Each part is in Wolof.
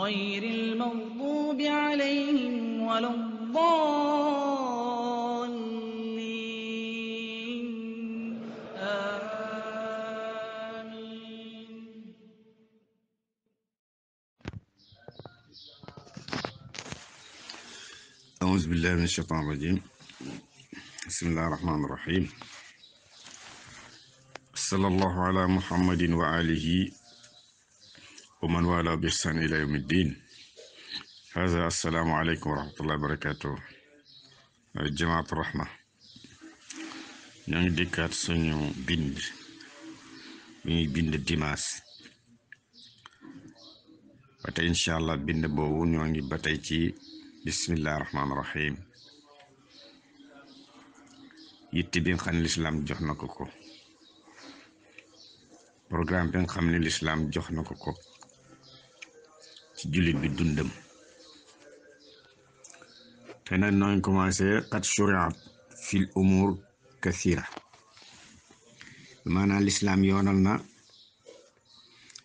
غير المغضوب عليهم ولا الضالين آمين أعوذ بالله من الشيطان الرجيم بسم الله الرحمن الرحيم صلى الله على محمد وآله ومن wala بإحسان إلى يوم الدين هذا السلام عليكم Jemaat rahma وبركاته dikat الرحمة ñangi dikkat suñu bind ñuy bind dimas batay inshallah bind bobu ñongi batay ci bismillahir rahmanir rahim yitti bi nga xamne l'islam jox nako ko programme bi nga xamne ci jullit bi dundam te nag nooñ commencé qad shuriat fil umur kathira maanaam lislaam yoonal na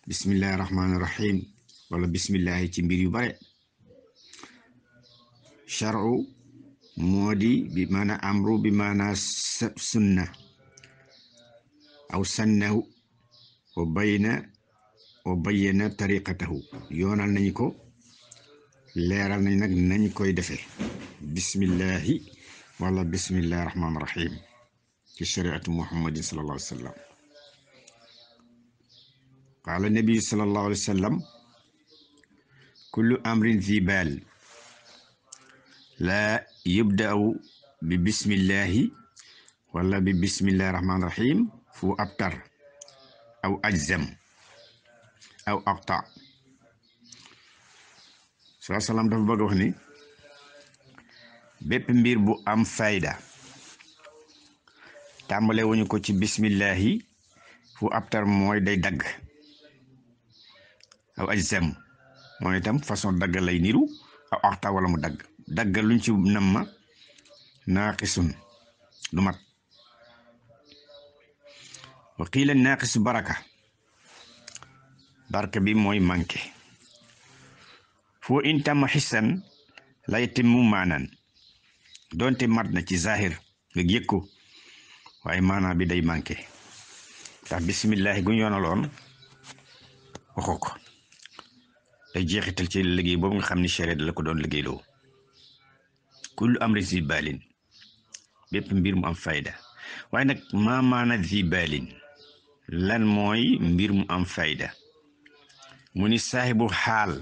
bismillahi rahmaani rahim wala bismillahi ci mbir yu bare charu moo di bi maana amru bi maana sunna aw sannahu wa bayna وبين طريقته يونال نانيكو leeral nañ nag nañ koy defee bismillahi wala bismillahi rahmaani rahim ci shariatu muhammadin sallallahu alayhi wa sallam qaala nabiyu sallallahu alayhi wa sallam kullu amrin zi baal laa yubda'u bi bismillahi wala bi bismillahi rahmaani rahim fu abtar aw ajzam aw aqta saa salam dafa bëgg wax ni bépp mbir bu am fayda tàmbale wuñu ko ci bismillahi fu abtar mooy day dagg aw ajsam moom itam façon dagg lay niru aw aqta wala mu dagg dagg luñ ci nam ma naaqisun du mat wa qiila naaqisu barke bi mooy manqué foo intama xissan lay timmu maanan doonte mat na ci zahir nga yëg ko waaye maanaa bi day manqué ndax bisimillahi gu ñu yoonaloon waxu ko day jeexital ci liggéey boobu nga xam ni chéré la ko doon liggéeyloo kullu amri zi bépp mbir mu am fayda waaye nag maamaana zi baalin lan mooy mbir mu am fayda mu ni saahibu xaal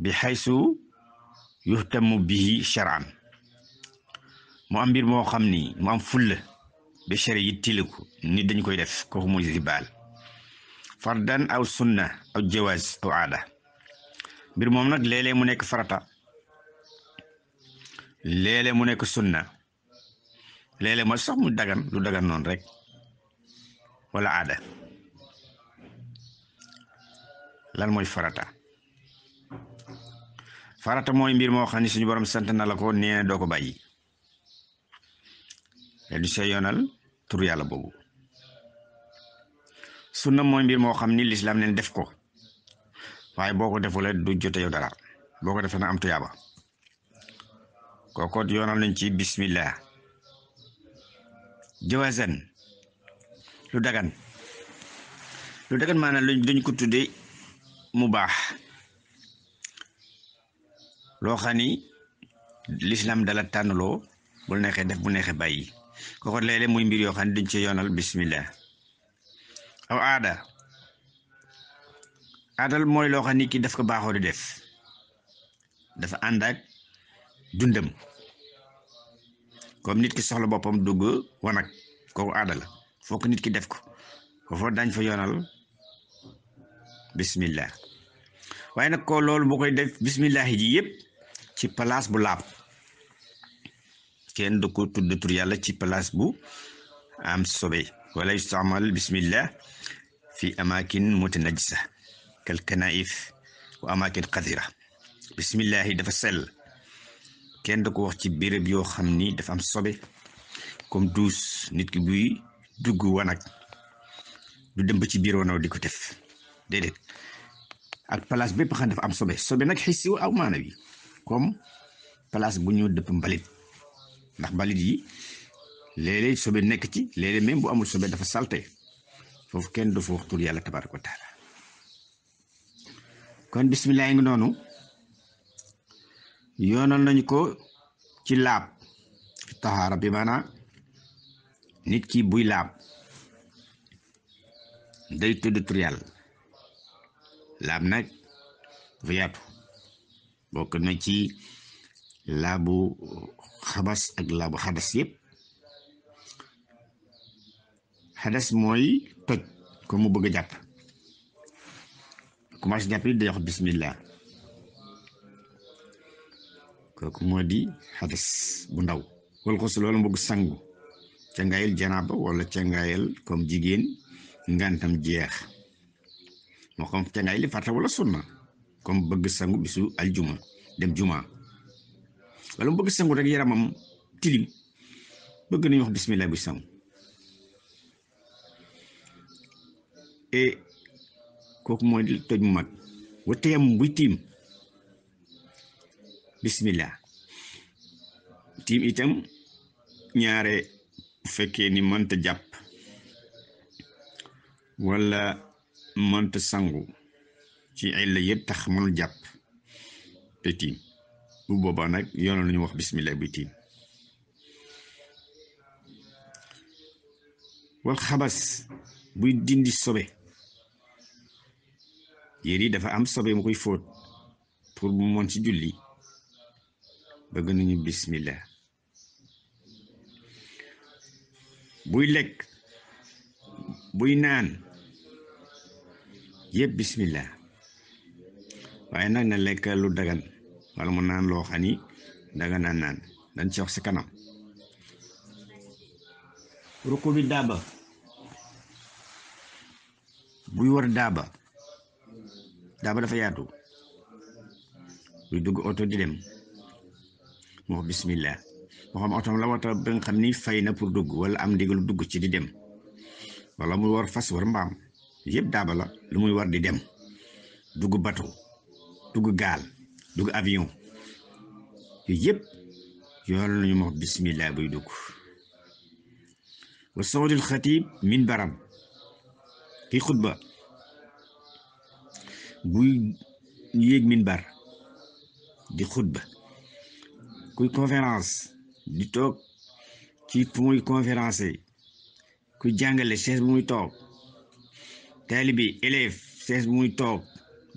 bi xaysu yuhtamu bihi charan mu am mbir moo xam ni mu am fulla bi chari yi tiliku nit dañ koy def kooku mooy zibaal fardan aw sunna aw jawaaz aw aada mbir moom nag léeg-léeg mu nekk farata léeg-léeg mu nekk sunna léeg-léeg ma sax mu dagan lu dagan noonu rek wala aada lan mooy farata farata mooy mbir moo xam ne suñu borom sant na la ko nee doo ko bàyyi te du see yoonal tur yàlla boobu sunna mooy mbir moo xam ni lislaam neen def ko waaye boo ko defulee du jote yow dara boo ko defee na am tuyaaba kooko yoonal nañ ci bismillah jawaazan lu dagan lu dagan maanaam luñ duñ ko tuddee mu baax loo xam ni lislaam dala tànnaloo bu neexee def bu neexee bàyyi kooku léeg-léeg muy mbir yoo xam ne duñ ci yoonal bismillah aw aada aadal mooy loo xam ni ki daf ko baaxoo di def dafa ànd ak dundam comme nit ki soxla boppam dugg wanag kooku aada la fokk nit ki def ko foofu dañ fa yoonal bismillah waaye nag ko loolu boo koy def bismillah ji yëpp ci palaas bu laab kenn du ko yàlla ci palaas bu am sobe wala yustamal bismillah fi amakin yi dafa sell kenn du ko wax ci béréb yoo xam ni dafa am sobe comme douche nit ki buy dugg wanag du dem ba ci biir wanaw di ko def dedet ak place bepp xam dafa am sobe sobe nak xisiw aw manawi bi comme place bu ñu dëpp mbalit ndax mbalit yi léeg sobe nek ci léeg même bu amul sobe dafa salté fofu kenn du fa waxtul yalla tabaraku taala kon bismillah ngi nonu yonal nañ ko ci lab tahara bi mana nit ki buy lab day tuddu tur yalla laab nag dafa yaatu bokk na ci laabu xabas ak laabu xadas yëpp xadas mooy toj ko bëgg a jàpp commencé jàpp yi day kooku moo di xadas bu ndaw wala xos loolu mu bëgg sangu ca ngaayel janaaba wala ca ngaayel jigéen ngantam jeex mo xam te ngay li farata wala sunna comme bëgg sangu bisu aljuma dem juma wala bëgg sangu rek yaramam tilim bëgg wax bismillah bi sangu e kooku mooy toj mu mag wateyam bu tim bismillah tim itam ñaare fekke ni ta japp wala mënta sangu ci illa yëpp tax mënul jàpp te tiim bu boobaa nag yoon nañu wax bismillah bi tiim wal xabas buy dindi sobe yére yi dafa am sobe mu koy fóot pour mu mën ci julli bëgg nañu bismillah buy lekk buy naan yëpp bismillah waaye nak na lek lu dagan wala mo nan lo xani ni daga nan naan dañ ci wax ci kanam ruku bi daba bu war daba daba dafa yatu bu dug auto di dem mo bismillah mo xam auto la wata ben nga xam ni fay pour dug wala am ndigal dug ci di dem wala mu war fas war mbam yëpp daaba lu muy war di dem dugg bateau dugg gaal dugg avion yooyu yëpp yoolu nañu ma bismillah buy dugg wa sawdul xatib min baram kii xutba buy yéeg min di xutba kuy conférence di toog ci fu muy conférence kuy jàngale chaise bu muy toog talibi élève elef muy toog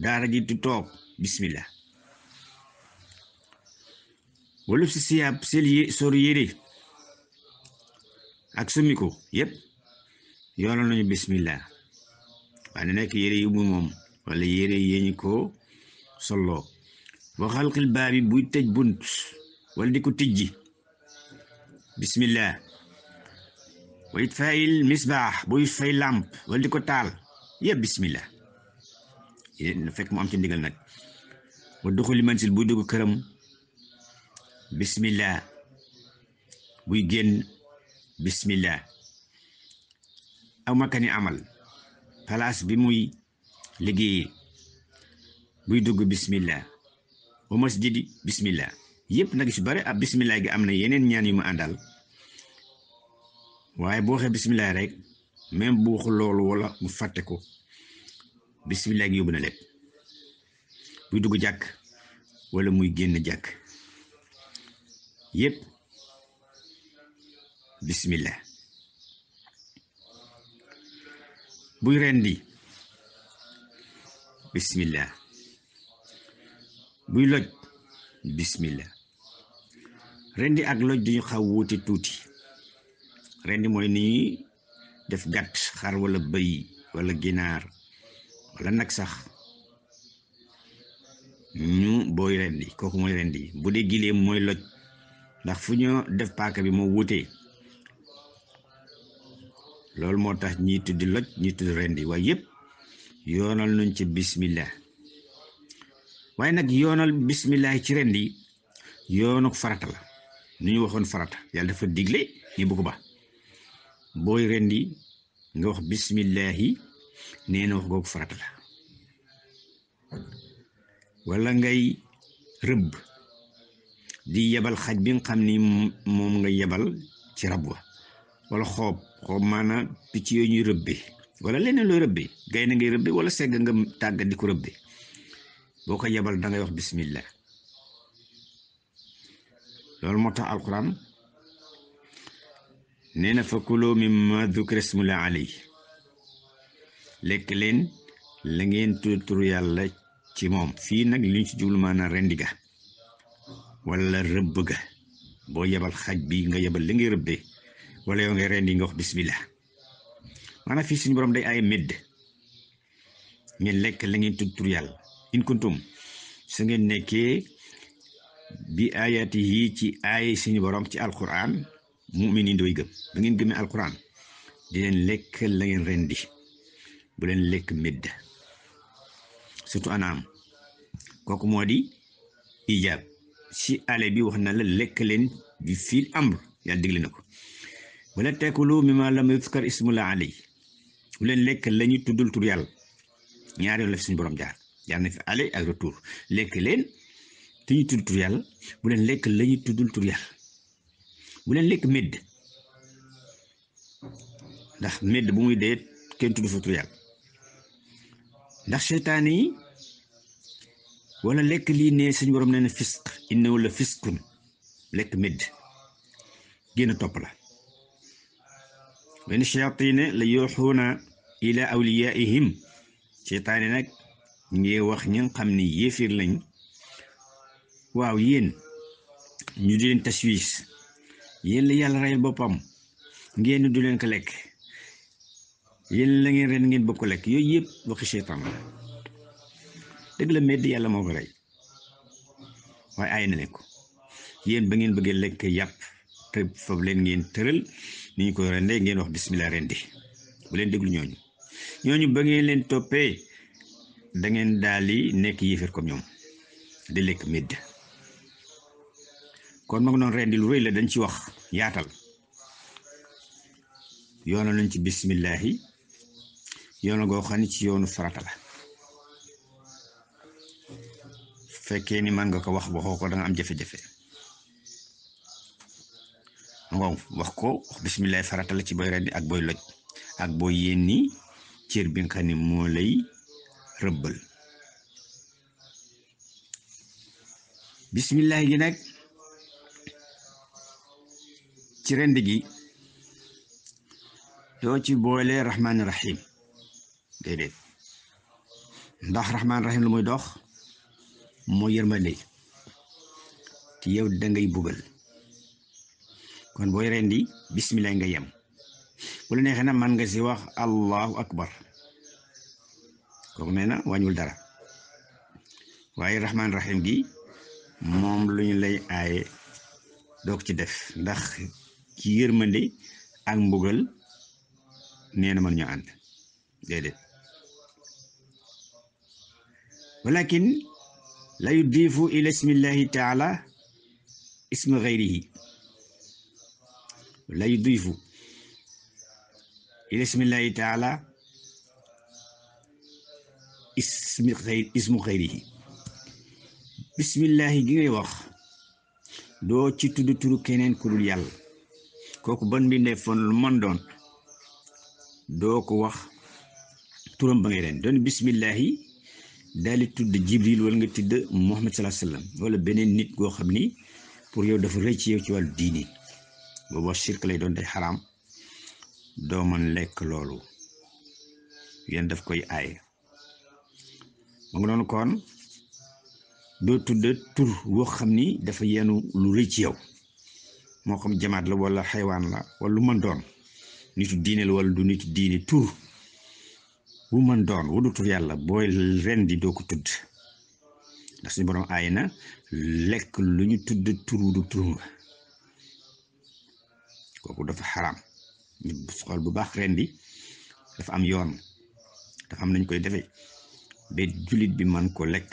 daara ji du toog bismillah ya wala si siyaab sel sor yére ak sumiko yépp yoolal nañu bismillah waaye ne nekk yére yu mu moom wala yére yéñu ko solo wa xalqil baabi buy tëj bunt wala di ko bismillah wa it fayil misbaax buy fay lamp wala di ko taal Ya bismillah yéen ya, fek mu am ci ndigal nak wa duxuli mansil bu dugg kërëm bismillah bu génn bismillah aw makani amal place bi muy liggéeyee bu dugg bismillah wa masjidi bismillah yep nak ci bari ab ah, bismillah gi amna yenen ñaan yu mu andal waye bo xé bismillah rek même bu loolu wala mu fàtte ko bisimilah gi yóbbu na lépp buy dugg jàkk walla muy génn jàkk yépp bisimilah buy rendi bisimilah buy loj bisimilah rendi ak loj duñu xaw wuute tuuti rendi mooy nii def gàtt xar walla bëy wala ginaar wala nag sax ñu booy rendi kooku mooy rendi bu dee gileem mooy loj ndax fu ñu def paaka bi moo wutee loolu moo tax ñii di loj ñii tuddi rendi waaye yëpp yoonal nuñ ci bismillah waaye nag yoonal bismillah ci rendi yoonu farata la nu ñu waxoon farata yàlla dafa digle ñu bu ba booy rendi nga wax bismillahi nee na wax googu farata la wala ngay rëbb di yebal xaj bi nga xam ni moom nga yebal ci rab wa wala xoob xoob maanaam picc yooyu ñuy bi wala leneen looy bi gaynde ngay bi wala segg nga tàggat di ko rëbbe boo ko yebal dangay wax bismillah loolu moo tax alquran nena na fa kuloo mimma dukira smulla alayhi lekk leen la ngeen tudd turu yàlla ci mom fi nak liñ ci jublu mana rendiga wala rëbb bo yebal xaj bi nga yebal li ngay wala yow ngay rendi nga wax bismillah mana fi suñu borom day ay med ngeen lek la ngeen turu in kuntum su ngeen nekké bi ayatihi ci ay suñu borom ci alquran muminin dooy gëm ba ngeen gëmee alquran di leen lekk la ngeen rendi bu leen lekk médd surtout anaam kooku moo di ijaab si ale bi wax na la lekk leen bi fii amr yàlla digle na ko wala teekulu mimma lam yuzkar ismullah alay bu leen lekk lañuy tuddul tur yàlla ñaari yoon la fi suñu borom jaar jaar na fi ale ak retour lekk leen te ñu tudd tur bu leen lekk la tuddul tur bu leen lekk medd ndax medd bu muy dee kenn tudd fa tur yàlla ndax seytaan yi wala lekk lii ne suñu borom nee na fisq innahu la fisqun lekk medd génn topp la wenn shayaatiina la yuuxuuna ila awliyaihim seytaan yi nag ngi wax ñi nga xam ne yéefir lañ waaw yéen ñu di leen taswiis yéen la yàlla reyal boppam ngeen du leen ko lekk yéen la ngeen ren ngeen bëgg ko lekk yooyu yëpp waxi seytaan la dëgg la medd yàlla moo ko rey waaye aay na leen ko yéen ba ngeen bëggee lekk yàpp te foofu leen ngeen tëral ni ñu ko rendee ngeen wax ren di bu leen déglu ñooñu ñooñu ba ngeen leen toppee da ngeen daal di nekk yéefar comme ñoom di lekk medd kon ma noonu doon rendi lu rëy la dañ ci wax yaatal yoonal nañ ci bismillahi yoonal goo xam ne ci yoonu farata la fekkee ni man nga ko wax waxoo ko da am jafe-jafe waaw wax ko wax farata la ci booy rendi ak booy loj ak booy yénni cër bi nga moo lay rëbbal bismillahi gi nag ci rend gi do ci boole rahman rahim dede ndax rahman rahim lu muy dox mo yërmande te yow da ngay bugal kon boy rendi bismillah nga yam bu la neexee man nga ci wax allahu akbar ko mena wañul dara waye rahman rahim gi mom lu lay ayé dok ci def ndax ci yërmande ak mbugal nee na mën ñu ànd déedéet walakin la yudifu ila ismillahi taala isma gayrihi la yudifu ila ismillahi taala ismi ismu gayrihi bismillahi gi ngay wax doo ci tudd turu keneen ku dul yàlla kooku ban mbindeefoon lu man doon doo ko wax turam ba ngay leen doon bismillahi daal di tudd jibril wala nga tudd muhammad salaa sallam wala beneen nit goo xam ni pour yow dafa rëcc yow ci wàllu diini booba shirk lay doon day xaraam doo man lekk loolu yéen daf koy aay mu ngi noonu kon doo tudd tur woo xam ni dafa yenu lu rëcc yow moo xam jamaat la wala xaywaan la wala lu mën doon nitu diine la wala du nitu diine tur bu mën doon wudu yàlla booy di doo ko tudd ndax suñu borom aay na lekk lu ñu tudd tur wudu tur nga kooku dafa xaraam ñu bu baax ren rendi dafa am yoon te xam nañ koy defee ba jullit bi man koo lekk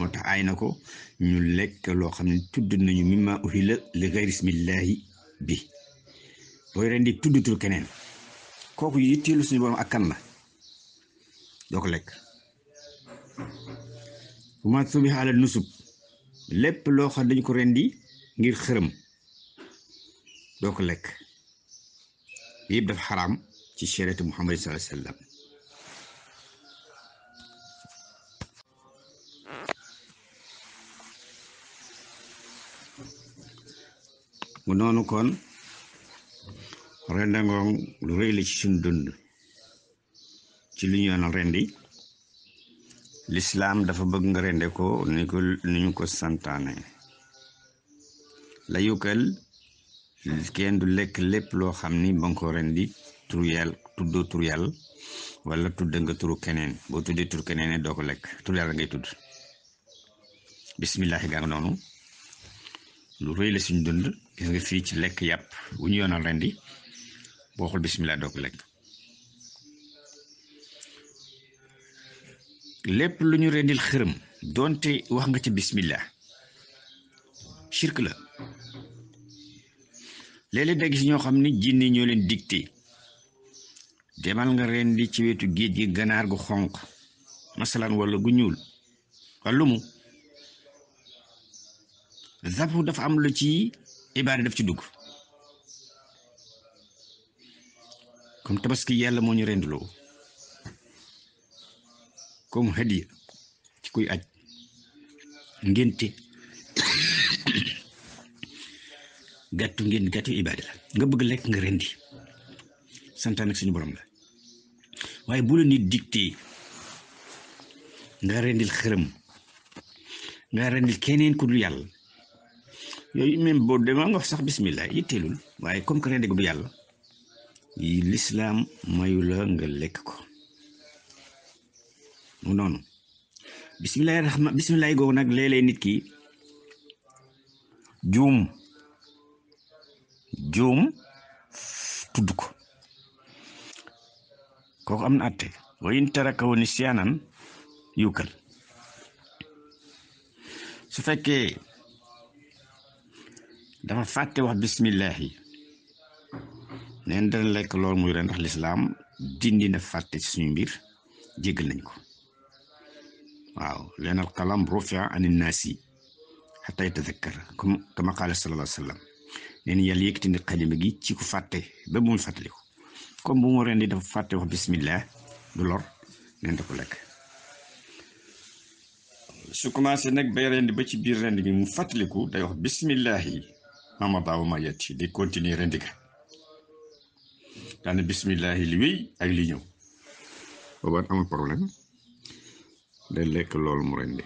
moo tax ay na ko ñu lekk loo xam ne tudd nañu mimma uhilla li ghayri ismillahi bi booy rendi tuddatul keneen kooku yitteelu suñu borom ak kan la doo ko lekk bu ma subiha ala nusub lépp loo xam dañu ko rendi ngir xërëm doo ko lekk yëpp dafa xaraam ci shariatu muhammad sallallahu alayhi wa mu noonu kon rendangoom lu rëy la ci suñ dund ci lu ñu rendi lislaam dafa bëgg nga rende ko ni ko ni ñu ko santaane la yukkal kenn du lekk lépp loo xam ni ba nga ko rendi turu yàlla tuddoo turu yàlla tudd nga turu keneen boo tuddee turu keneen doo ko lekk turu ngay tudd bismillahi gaa nga noonu lu rëy la suñu dund gis nga fii ci lekk yàpp bu ñu yoonal rendi boo xul bismillah doo ko lekk lépp lu ñu rendil xërëm doonte wax nga ci bismillah sirk la léeg-léeg da ñoo xam ni jinne ñoo leen dicté demal nga rendi ci wetu géej gi ganaar gu xonq masalan wala gu ñuul wàllu mu zabtu dafa am lu ci ibaada daf ci dugg comme tabaski yàlla moo ñu rendloo comme hadiya ci kuy aj ngénte gàttu ngént gàttu ibaada la nga bëgg lekk nga rendi santaan ak suñu borom la waaye bu la nit dicté nga rendil xërëm nga rendil keneen ku dul yàlla yooyu même boo demaa nga wax sax bismillah yitteelul waaye comme que ne dégg du yàlla yi lislaam mayu la nga lekk ko mu noonu bismillahi rahma nag léeg-léeg nit ki juum juum tudd ko kooku am na atte wa in tarakahu yukkal su fekkee dafa fàtte wax bisimilah yi neen dana lekk loolu muy ren ndax lislaam dindi na fàtte ci suñu mbir jéggal nañ ko waaw leen al qalam rufia an innaasi xata yatadakkara comme kama qaala sallallahu alayhi wa sallam neen yàlla yëkkati na xalima gi ci ku fàtte ba bu muy fàttaliku comme bu mu ren di dafa fàtte wax bisimilah du lor neen da ko lekk su commencé nag bay rendi ba ci biir rendi bi mu fàttaliku day wax bisimilah amabaw ma yetti di continuer rendika daane bismillahi li wéy ak li ñëw boobaan amul problème day lekk loolu mu rendi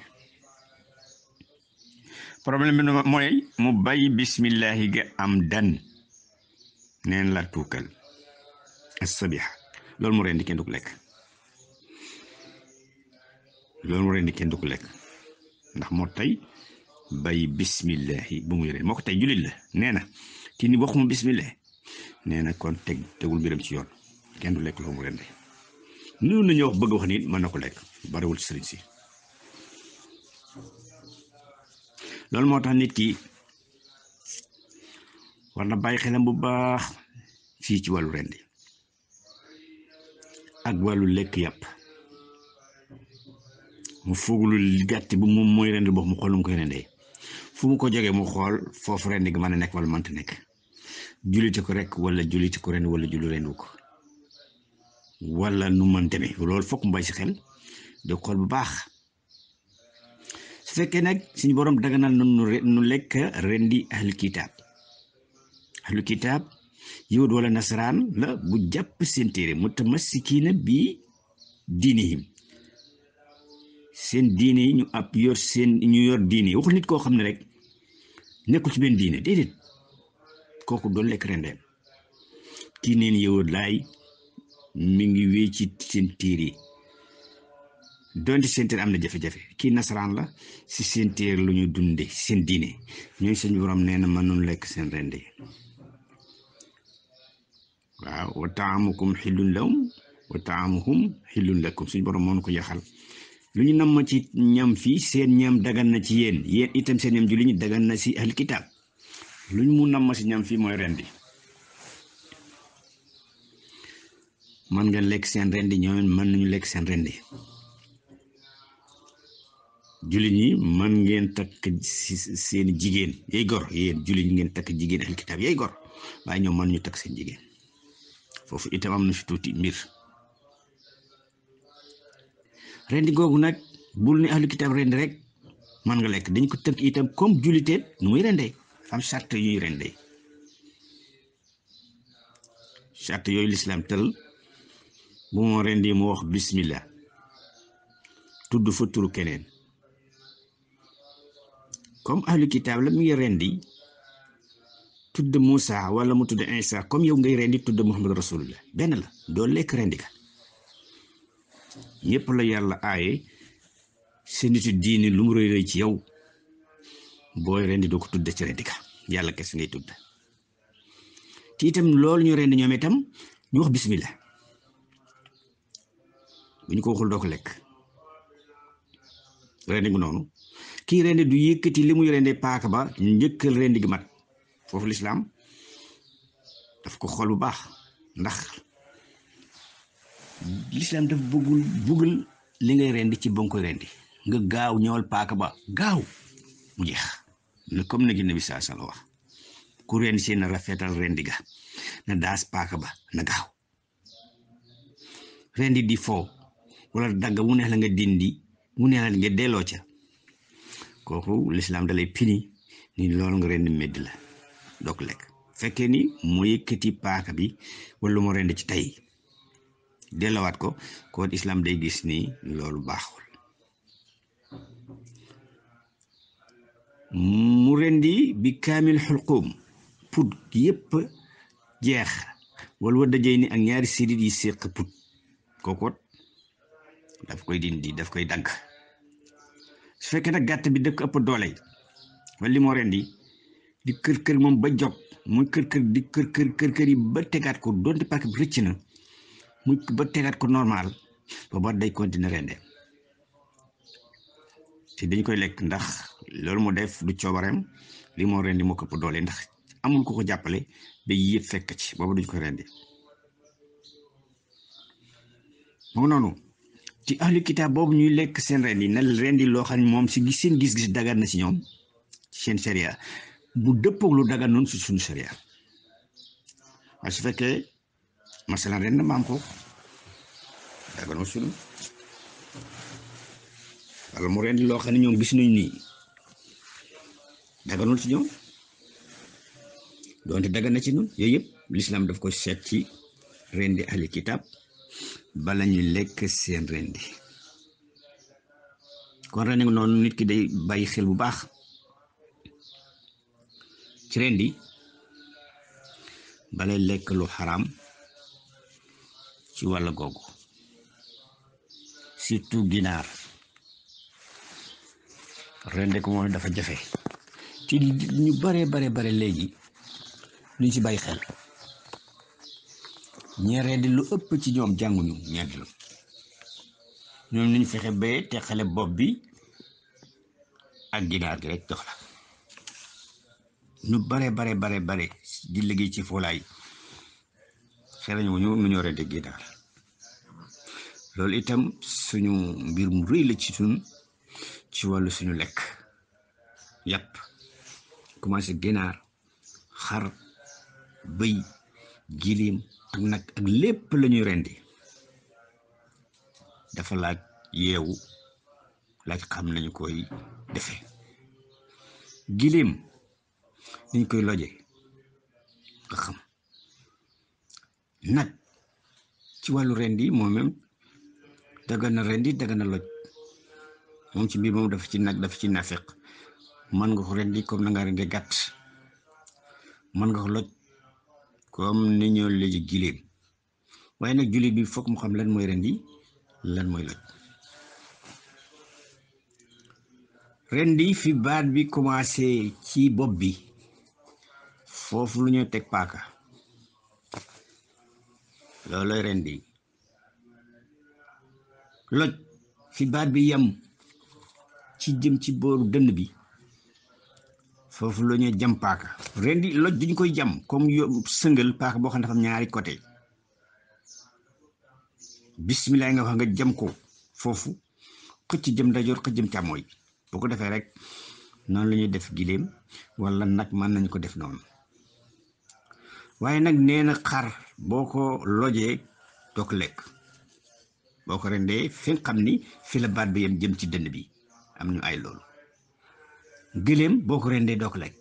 problème bi mooy mu bàyyi bismillahi ga am dan neen la tuukal asabiha loolu mu rendi kenn du lekk loolu mu rendi kenn du lekk ndax moo tey bay bismillahi bu muy ree moo ko tey jullit la nee na kii ni waxuma bismillah nee na kon teg tegul mbiram ci yoon kenn du lekk la bëgg wax mën na ko lekk bariwul ci loolu moo tax nit ki war na bàyyi xelam bu baax fii ci wàllu rendi ak wàllu lekk yàpp mu fooglu gàtt bu moom mooy rendi bopp mu xool mu koy rendee fu mu ko jege mu xol fofu ren gi mën a wala mënta nekk jullite ko rek wala jullite ko ren wala jullu ren wala nu mën demee loolu fokk mbay ci xel de xol bu baax su borom daganal nu nu lek rendi ahl kitab. ahl kitab, yahud wala nasran la bu jàpp seen téere mutamassikiina bi dinihim sen dini ñu app yor sen ñu yor dini waxul nit ko xamne rek nekkul ci benn diine déedéet kooku doon lekk rendem kii neen yowut laay mi ngi wéy ci seen tiir yi donte seen am na jafe-jafe kii nasaraan la si seen tiir lu ñu dunde si seen diine ñooy seen borom nee na mënoon lekk seen rende waaw wa taamukum xillun lahum wa taamuhum xillun lakum suñu borom moo ko yaxal lu nam ma ci ñam fi seen ñam dagan na ci yeen yeen itam seen ñam dagan na si alkitab luñ mu ma ci ñam fi moy rendi man nga lek seen rendi ñoo man nañu lek seen rendi julli ñi man ngeen tak seen jigen yey gor yéen julli ñi ngeen takk jigéen alkitab yey gor way ñoo man ñu tak seen jigen fofu itam am na fi tuti mbir rendi gogou nak bul ne ahlu kitab rendi rek man nga lek dañ ko teunk itam comme julité nu muy rendee am charte yuy rendé charte yoy l'islam tel bu mo rendi mo wax bismillah tuddu fa turu kenen comme ahlu kitab la mi rendi tudde Musa wala mu tudd Isa comme yow ngay rendi tudd Muhammad Rasulullah ben la do lek rendi ka yépp la yàlla aaye sa nitu diini lu mu rëy ci yow booy rendi doo ko tudde ci rendi ka yàlla kese ngay tudd te itam loolu ñu rendi ñoom itam ñu wax bismillah bu ñu ko waxul doo ko lekk rendi gu noonu kii rendi du yëkkati li muy rendi paaka ba njëkkal rendi gi mat foofu lislaam daf ko xool bu baax ndax l'islam daf bugul, bugul, li ngay rendi ci ba rendi nga gaaw ñëwal paaka ba gaaw mu jeex ne comme nag nabi saa sala wax ku rendi rafetal rendi ga na daas paaka ba na gaaw rendi di fo wala dag mu neex la nga dindi mu neex la nga delo ca kooku l'islam dalay pini ni lool nga rendi medd la dok lek fekke ni mu yëkkati paaka bi wala mo rendi ci tay delawat ko kon islam day gis ni lolou murendi mu rendi bi kamil hulqum put yep jeex wal wa dajey ni ak ñaari sidid yi sekk put daf koy dindi daf koy dag su fekke nak gatt bi dekk ëpp doley wal li mo rendi di kër kër mom ba jog muy kër kër di kër kër kër kër yi ba tegaat ko donte park bi mu ba tegaat ko normal ba day continuer rende te dañ koy lekk ndax loolu mu def du coobareem li moo rendi moo këpp doole ndax amul ko ko jàppale ba yëpp fekk ci boobu dañ koy rendi moom noonu ci ahlu kitaab boobu ñuy lekk seen rendi na rendi loo xam ne moom si gis seen gis-gis dagan na si ñoom seen sharia bu dëppoog lu dagan noonu su suñu sharia waaye su fekkee masalan renndo maam ko daganoo sunu walla mu rendi loo xam ne ñoom gis nañ nii daganul ci ñoom doonte dagan na ci ñun lislaam daf ko seet ci rendi ahli kitaab bala ñu lekk seen rendi kon rendi noonu nit ki day bàyyi xel bu baax ci rendi balay lekk lu xaraam ci wàll googu surtout ginaar rende ko dafa jafe ci ñu bare bare bare léegi luñ ci bay xel ñee rendi lu ëpp ci ñoom jànguñu ñeent la ñoom nañ fexe bayee te xale bopp bi ak ginaar gi rek jox la ñu bare bare bare bare di liggéey ci foolaay xelañ wu ñu nu ñu war a déggee loolu itam suñu mbir mu rëy la ci tun ci wàllu suñu lekk yàpp commencé ginaar xar bëy gilim ak nag ak lépp lañuy rendi dafa laaj yeewu laaj xam nañu koy defe gilim niñ koy loje nga xam nag ci wàllu rendi moom même daga na rendi daga na loj moom ci biir moom dafa ci nag dafa ci nafeq mën nga ko rendi comme na nga rendi gàtt mën nga ko loj comme ni ñoo léegi giléem waaye nag jullit bi foog mu xam lan mooy rendi lan mooy loj rendi fi baat bi commencé ci bopp bi foofu lu ñuy teg paaka loolooy rendi loj fi baat bi yem ci jëm ci booru dënn bi foofu la ñuy jëm paaka rendi loj dañu koy jam comme yo sëngal paaka boo xam ne dafa ñaari côté bisimilah nga wax nga jëm ko foofu xëcc jëm ndajoor xëcc jëm càmmooy boo ko defee rek noonu lañuy def giléem wala nag mën nañ ko def noonu waaye nag nee na xar boo ko lojee doo ko lekk boo ko rendee fi nga xam ni fi la baat bi yem jëm ci dënn bi am ñu ay loolu gëléem boo ko rendee doo ko lekk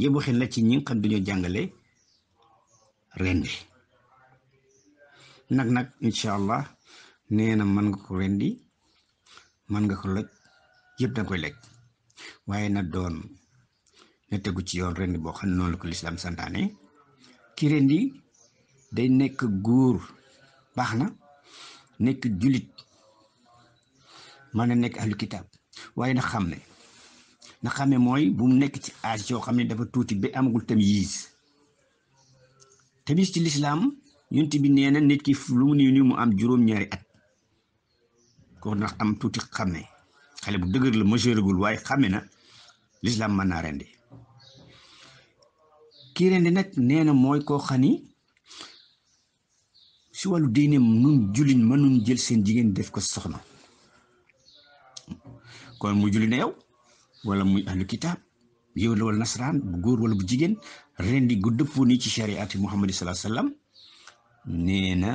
yëpp waxin la ci ñi nga xam dañoo jàngale rendi nag nag incha allah nee na mën nga ko rendi mën nga ko loj yëpp danga koy lekk waaye na doon na tegu ci yoon rendi boo xam ne noonu la ko lislaam santaane ki rendi day nekk góor baax na nekk julit mën na nekk ahlu waaye na xam ne na ne mooy bu nekk ci âge yoo xam ne dafa tuuti ba amagul tamyiz tamyiz ci lislaam yunt bi nee na nit ki lu mu nii nii mu am juróom-ñaari at ko ndax am tuuti xam ne xale bu dëgër la majeur gul waaye xam ne na lislaam mën naa rendi kiirande nag nee na mooy koo xani ni si wàllu diine nun julliñ mënuñ jël seen jigéen def ko soxna kon mu julli na walla mu muy ahlu kitaab yow la nasaraan bu góor wala bu jigéen rendi gu dëppoo nii ci chariati muhammadi salaa sallam nee na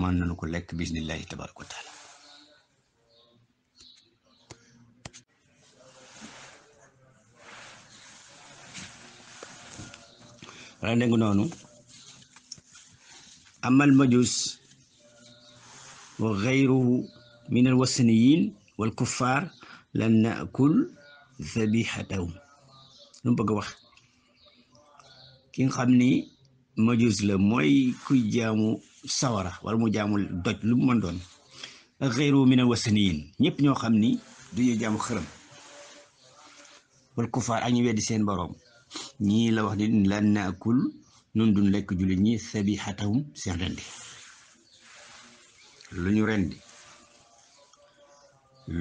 mën ko lekk bismillahi tabaraka wa wala dégg noonu amal majus wa gayruhu min al wa wal kuffar lan naakul zabixatahum lu mu bëgg wax ki xam ni majus la mooy kuy jaamu sawara wala mu jaamu doj lu mu mën doon ak min al wasaniyin ñëpp ñoo xam ni duñu jaamu xërëm wal kuffar ak ñu weddi seen boroom ñii la wax ni lan naakul nun duñ lekk jullit sebi sabixatahum seen rendi lu ñu rendi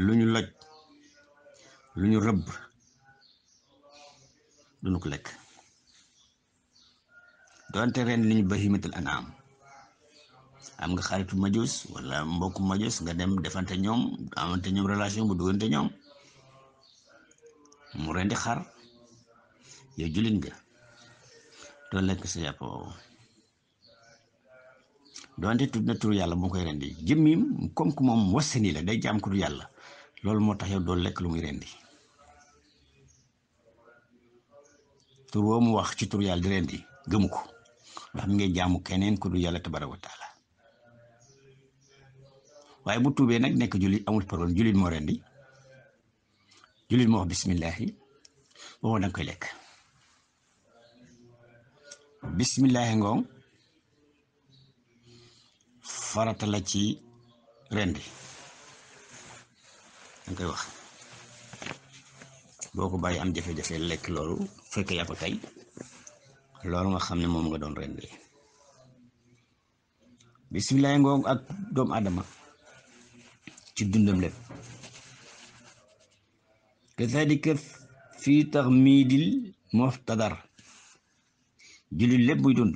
lu ñu loj lu ñu rëbb duñu ko lekk doonte rend nañu bahimatul anaam am nga xaritu majus wala mbokku majus nga dem defante ñoom amante ñoom relation bu duggante ñoom mu rendi xar yow jullit nga doo lekk sa yàpp woowu doonte tudd na turu yàlla moo koy rendi jëmmim comme que moom wasani la day jaam ko du yàlla loolu moo tax yow doo lekk lu muy rendi tur woo mu wax ci turu yàlla di rendi gëmu ko ndax mi ngay jaamu keneen ko du yàlla tabaraka wa waaye bu tuubee nag nekk jullit amul problème jullit moo rendi jullit moo wax bismillahi boobu da nga koy lekk bismillaahi ngoom farata la ci rendi danga koy wax boo ko bàyyi am jafe-jafe lekk loolu fekk yaa ko tey loolu nga xam ne moom nga doon rendi bismillaahi ngoom ak doom aadama ci dundam lépp kazaalika fii tax miidil muxtadar jullit lépp buy dund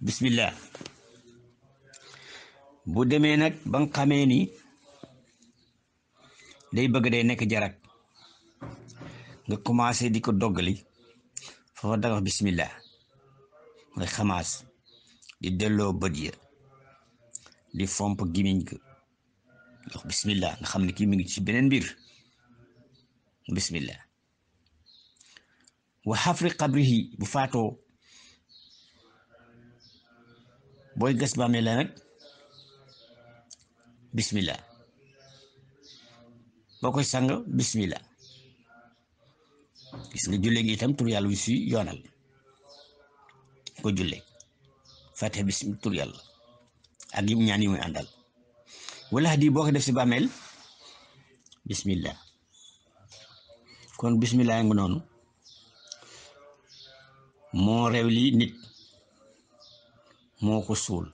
bismillah bu demee nag ba nga xamee ni day bëgg day nekk jarak nga commencé di ko doggali foofa danga bismillah ngay xamaas di delloo bët ya di fomp gimiñ ko bismillah nga xam ne kii mu ngi ci beneen mbir bismillah wa hafri qabrihi bu faatoo boy gas bàmmee la nak bismillah bokoy sang bismillah gis nga julle ngi tam tur yalla wi si yoonal ko julle walah bismi tur yalla ak yim ñaan yi andal wala hadi def ci bismillah kon bismillah yang nonu moo rew nit moo ko suul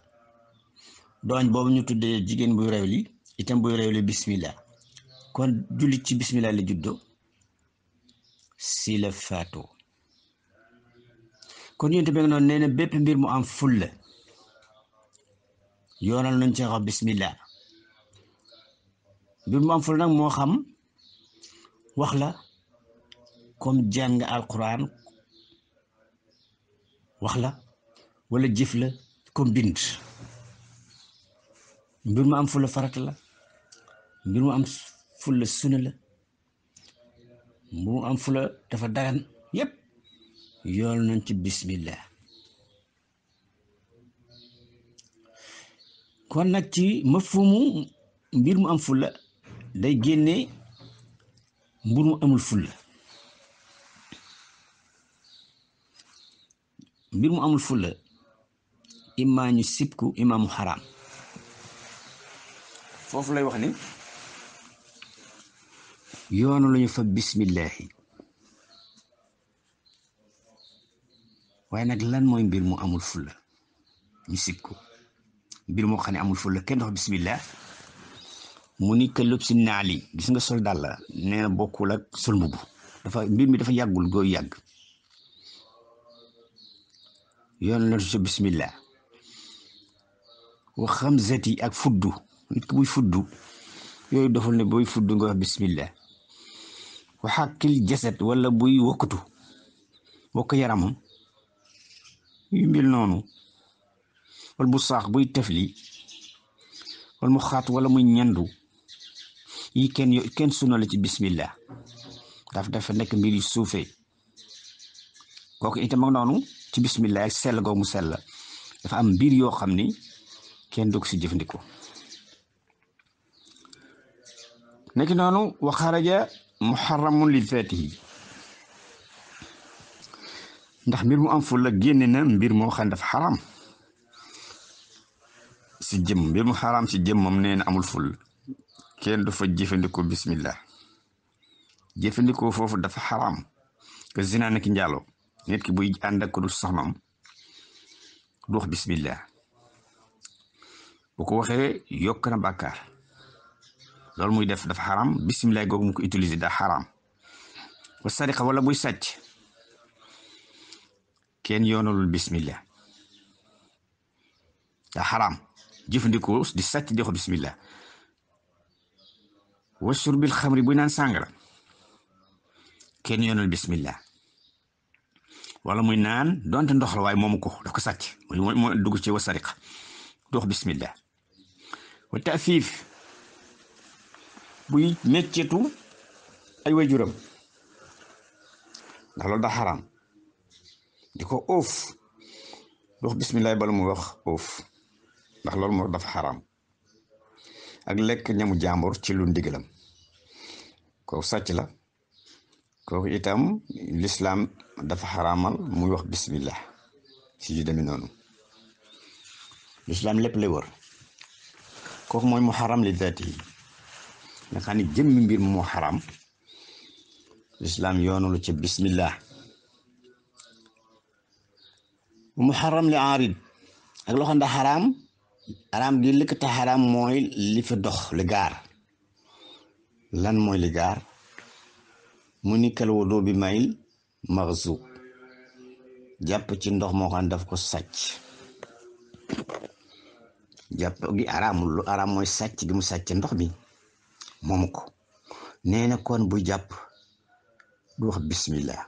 doñ boobu ñu tuddee jigéen buy rew li itam buy rew li kon jullit ci bismillah la juddo si la faatoo kon yonte bi noonu nee bépp mbir mu am fulla yoonal nañ ci wax bismillah mbir mu am fulla nag moo xam wax la comme jàng alquran وخلا ولا جفلة كم بنت مبير ما أم فول فرات لا مبير ما أم فول السنة لا مبير ما أم فول تفدان يب يول ننتي بسم الله كون تي مفهومو مبير ما أم فول داي جيني مبير ما أم الفول mbir mu amul fulla imma ñu sipku imma haram fofu lay wax ni yoonu lañu fa bismillah waaye nag lan mooy mbir mu amul fulla ñu sipku mbir moo xam ne amul fulla kenn dox bismillah mu ni ka lëb si naali gis nga sol dàll nee na bokkul ak sol mbubb dafa mbir mi dafa yàggul gooy yàgg يا نرجع بسم الله وخمزتي اك فدو نك بوي فدو يوي دوفل ني بوي فدو غا بسم الله وحك الجسد ولا بوي وقتو وك يرامم يميل نونو والبصاخ بوي تفلي والمخاط ولا مي نياندو يي كين يو كين سونو لتي بسم الله داف داف نك مبيلي سوفي كوكو انت نونو ci bismillah ak sell googu mu sell dafa am mbir yoo xam ni kenn du ko si jëfandikoo nekk noonu wa xaraja muharramun li zaatihi ndax mbir mu am fu la génne na mbir moo xam dafa xaram si jëm mbir mu xaram si jëm moom nee amul ful kenn du fa jëfandikoo bismillah jëfandikoo foofu dafa xaram ke zina nak njaaloo nit ki buy ànd ak ko dul soxnaam du wax bismillah bu ko waxee yokk na bàkkaar loolu muy def dafa xaram bismillah googu mu ko utiliser daa xaram wa sariqa wala buy sàcc kenn yoonalul bismillah daa xaram jëfandikoo di sàcc di wax bismillah wa surbil xamri buy naan sàngara kenn yoonal bismillah wala muy naan donte ndox la waaye moom ko daf ko sàcc mooy moo dugg ci wa sariqa du wax bismillah wa taafif buy méccetu ay waajuram ndax loolu daa xaraam di ko du wax bismillah bala mu wax óof ndax loolu moo dafa xaraam ak lekk ñamu jàmbur ci lu ndigalam ko sàcc la كوكو إتام الإسلام دفع حرام ميوخ بسم الله سيجي دمي نونو الإسلام لب كوكو موي محرم لذاته نخاني جم من بير محرم الإسلام يونو لك بسم الله محرم لعارد أقول لك عنده حرام حرام دي لك تحرام موي لفدخ لغار لن موي لغار mu ni kalwado bi may maxzuub jàpp ci ndox moo xam daf ko sàcc jàpp gi araamul lu araam mooy sàcc gi mu sàcc ndox mi moomu ko nee na bu jàpp du wax bismillah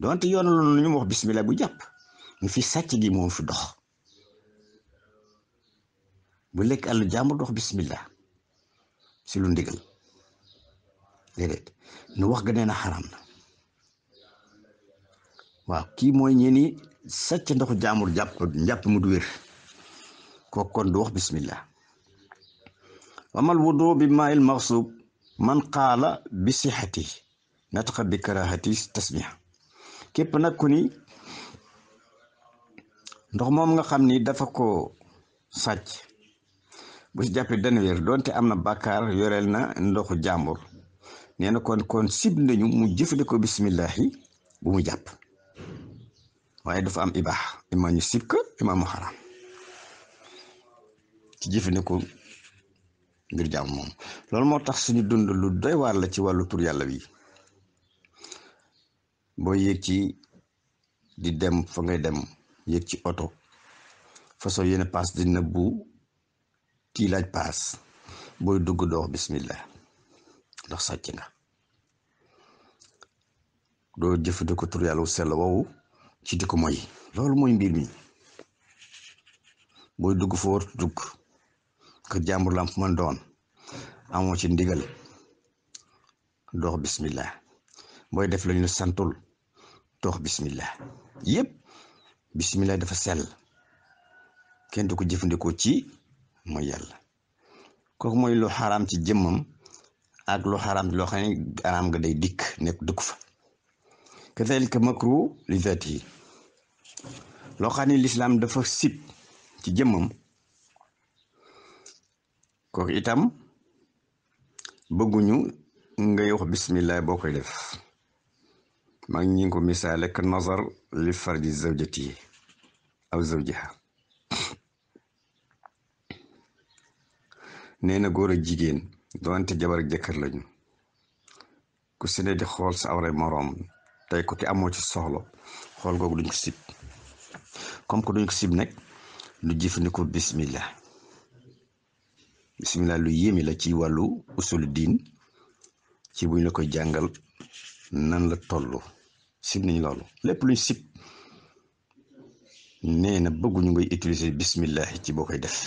donte yoon loolu ñu wax bismillah bu jàpp mu fi sàcc gi moom fi dox bu lekk àllu jàmbur dox bismillah si lu ndigal déedéet nu wax ga nee na xaraam na waaw kii mooy ñeni sàcc ndoxu jaamur jàpp njàpp mu du wér kooku kon du wax bismillah wamal wudu bi maa'il maxsuub man xaala bi sixati natqa bi karahati tasbih képp nag ku ni ndox moom nga xam ni dafa ko sàcc bu ci jàppee dana wér doonte am na bàkkaar yoreel na ndoxu jaambur nee na kon kon sib nañu mu jëfandikoo bisimillahi bu mu jàpp waaye dafa am ibaax imaa ñu sib ka imaa xaraam ci jëfandikoo ngir jàmm moom loolu moo tax suñu dund lu doy waar la ci wàllu tur yàlla wi boo yéeg ci di dem fa ngay dem yéeg ci oto façon yéen paas dina bu kii laaj paas booy dugg doo bismillah ndax sàcc na doo jëfandikoo tur yàlla wu sell ci di ko mooy loolu mooy mbir mi booy dugg foo war dugg kër jàmbur lamp man doon amoo ci ndigal dox bismillah booy def lañu santul dox bismillah yépp bismillah dafa sell kenn du ko jëfandikoo ci mooy yàlla kooku mooy lu xaraam ci jëmmam ak lu xaraam loo xam ne araam nga day dikk nekk dugg fa kadalika makru li zat yi loo xam lislaam dafa sib ci jëmmam kooku itam bëgguñu ngay wax bismillah boo koy def maa ngi ko misaale ka nazar li farji zawjati aw zawjiha nee na góor jigéen doonte jabar ak jëkkër lañu ku si di xool sa awray moroom tey ko te amoo ci soxla xool googu duñ ko sib comme que duñ ko sib nag lu jëfandikoo bismillah bismillah lu yéeme la ci wàllu usulu diin ci buñ la koy jàngal nan la toll sib nañ loolu lépp luñ sib nee na bëgguñu ngay utiliser bismillahi ci boo koy def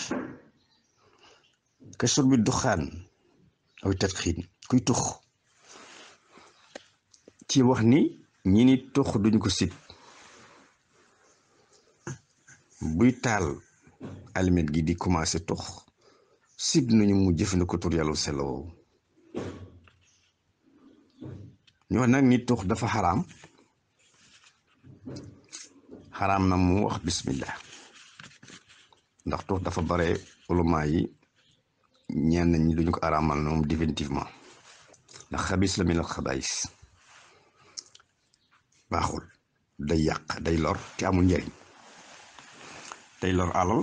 kasur bi duxaan aw tatxiin kuy tux ci wax ni ñi ni tux duñ ko sit buy taal almet gi di commencé tux sib nañu mu jëfandikoo tur yàlla sell woowu ñu wax nag ni tux dafa xaraam xaraam na mu wax bismillah ndax tux dafa bare ulama yi ñenn ñi duñu ko araamal na moom définitivement ndax xabis la min al baxul day yak day lor ci amul njariñ day lor alal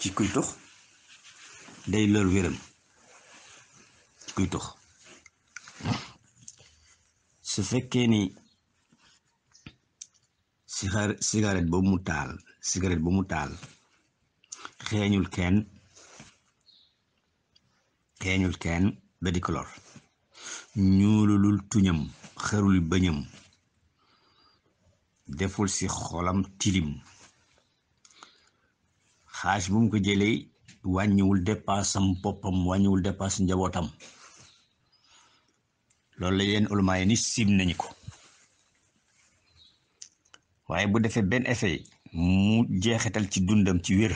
ci kuy tox day lor wéram ci kuy tox su fekke ni sigaret bo mu taal sigaret bo mu taal xéñul kenn xéñul kenn ba di tuñam xërul bëñam deful ci xolam tilim xaaj bu mu ko jëlee wàññiwul dépassam boppam wàññiwul dépass njabootam loolu la yenn ulama yi ni nañu ko waaye bu defee benn effet mu jeexital ci dundam ci wér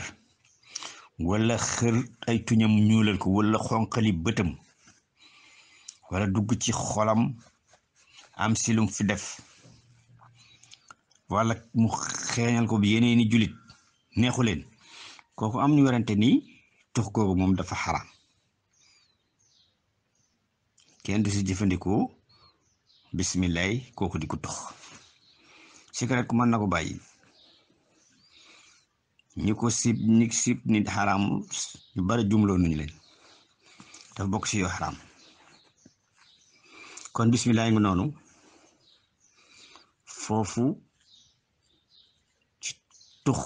wala xër ay tuñam ñuulal ko wala xonqali bëtam wala dugg ci xolam am si lum fi def wala mu xéñal ko bi yeneeni julit neexu leen kooku am ñu wérante ni tox googu mom dafa haram kenn du si jëfandikoo bisimilaay kooku di ko ku man nako ko bàyyi ko sip ni sip nit haram ñu bari jumlo nuñu leen dafa bok ci yo haram kon bisimilah ngi noonu foofu ci tux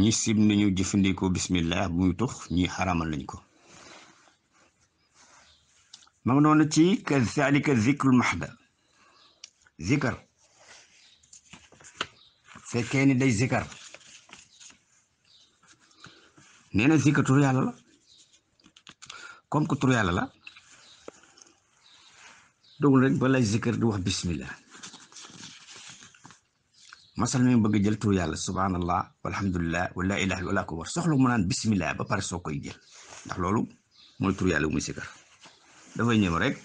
ñi sib nañu jëfandikoo bisimilah muy tux ñi xaramal nañ ko ma ngi noonu ci kazalika zikrul maxda zikar fekkee ni day zikar nee na zikar tur yàlla la comme que tur yàlla la دونك بلا ذكر دوخ بسم الله مثلا مين بغي جيل تو يالا سبحان الله والحمد لله ولا اله الا الله كبر سخلو منان بسم الله با بار سوكاي جيل دا لولو مول تو يالا موي ذكر دا فاي نيم رك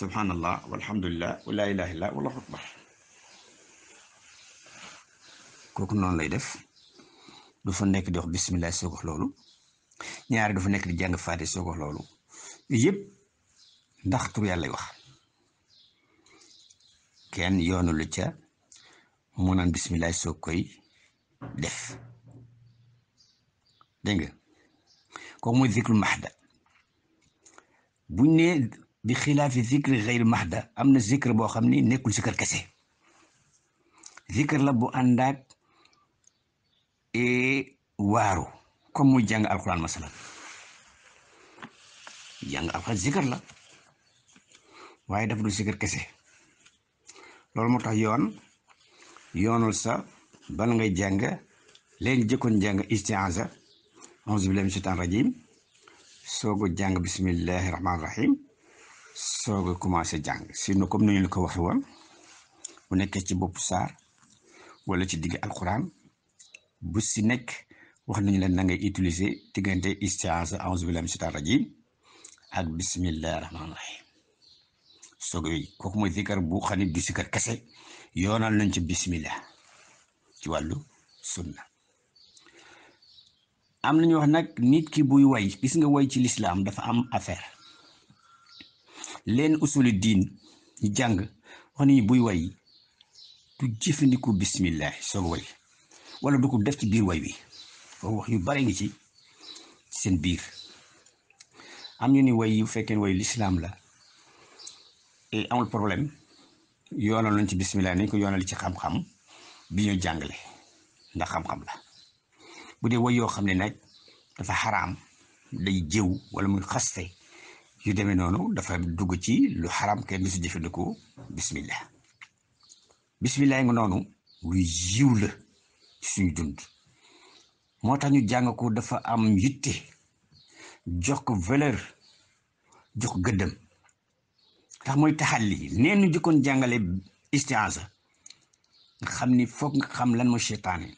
سبحان الله والحمد لله ولا اله الا الله اكبر كوك نون لاي ديف دو فا نيك ديوخ بسم الله سوخ لولو ñaar du fa nek di jang faati soko lolou yep ndax tur yalla lay كان يونو لتا مونان بسم الله سوكوي دف دنجا كون مو ذكر محدا بني بخلاف ذكر غير محدا امن الذكر بو خمني ذكر كسي ذكر لبو انداك اي وارو كون مو القران مثلا جان القران ذكر لا واي دافو ذكر كسي loolu moo tax yoon yoonul sa bala ngay jàng léegi jëkkoon jàng istiaza auzu billahi min shaytaan rajim sooga jàng bismillahi rahmaani rahim sooga commencé jàng sinon comme ni ñu ko waxe woon bu nekkee ci boppu saar wala ci digg alquran bu si nekk wax nañu leen na ngay utiliser diggante istiaza auzu billahi min shaytaan rajim ak bismillahi rahmaani soog yooyu kooku mooy zikar bu xam ne du zikar kese yoonal nañ ci bismillah ci wàllu sunna am nañu wax nag nit ki buy way gis nga way ci lislaam dafa am affaire leen usuli diin ñu jàng wax nañu buy way du jëfandiku bismillah soog way wala du ko def ci biir way wi foofu wax yu bare ngi ci seen biir am ñu ni way yu fekkee way lislaam la amul problème yoonal nañ ci bisimilah nañ ko yoonal ci xam-xam bi ñu jàngale ndax xam-xam la bu dee way yoo xam ne nag dafa xaraam day jëw wala muy xaste yu demee noonu dafa dugg ci lu xaraam kenn du si jëfandikoo bisimilah bisimilah nga noonu lu yiw la ci suñu dund moo tax ñu jàng ko dafa am yitte jox ko valeur jox gëddëm ndax moy tahalli nee jikon jàngale istiaza xamni fokk nga xam lan mo seytaane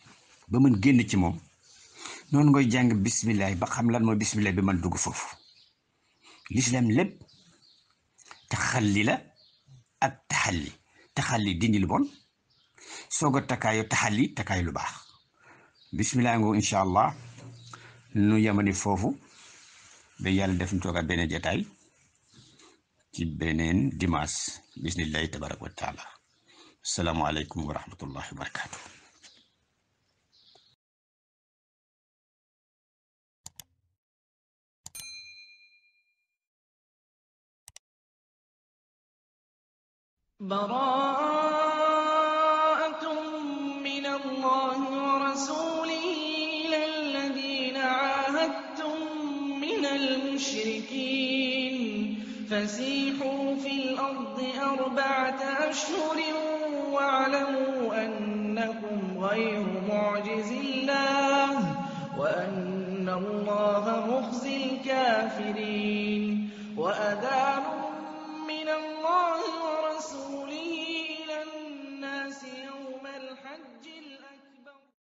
ba mën génn ci mom non ngoy jàng bismillah ba xam lan mo bismillah bi man dug foofu l'islam lépp tahalli la ak tahalli tahalli dindi lu bon soga a tahalli takay lu bax bismillah ngo inshallah nu yamani fofu be yàlla def ñu toga benn jetaay تي بنين بإذن الله تبارك وتعالى السلام عليكم ورحمة الله وبركاته براءة من الله ورسوله إلى الذين عاهدتم من المشركين فسيحوا في الأرض أربعة أشهر واعلموا أنكم غير معجز الله وأن الله مخزي الكافرين وأذان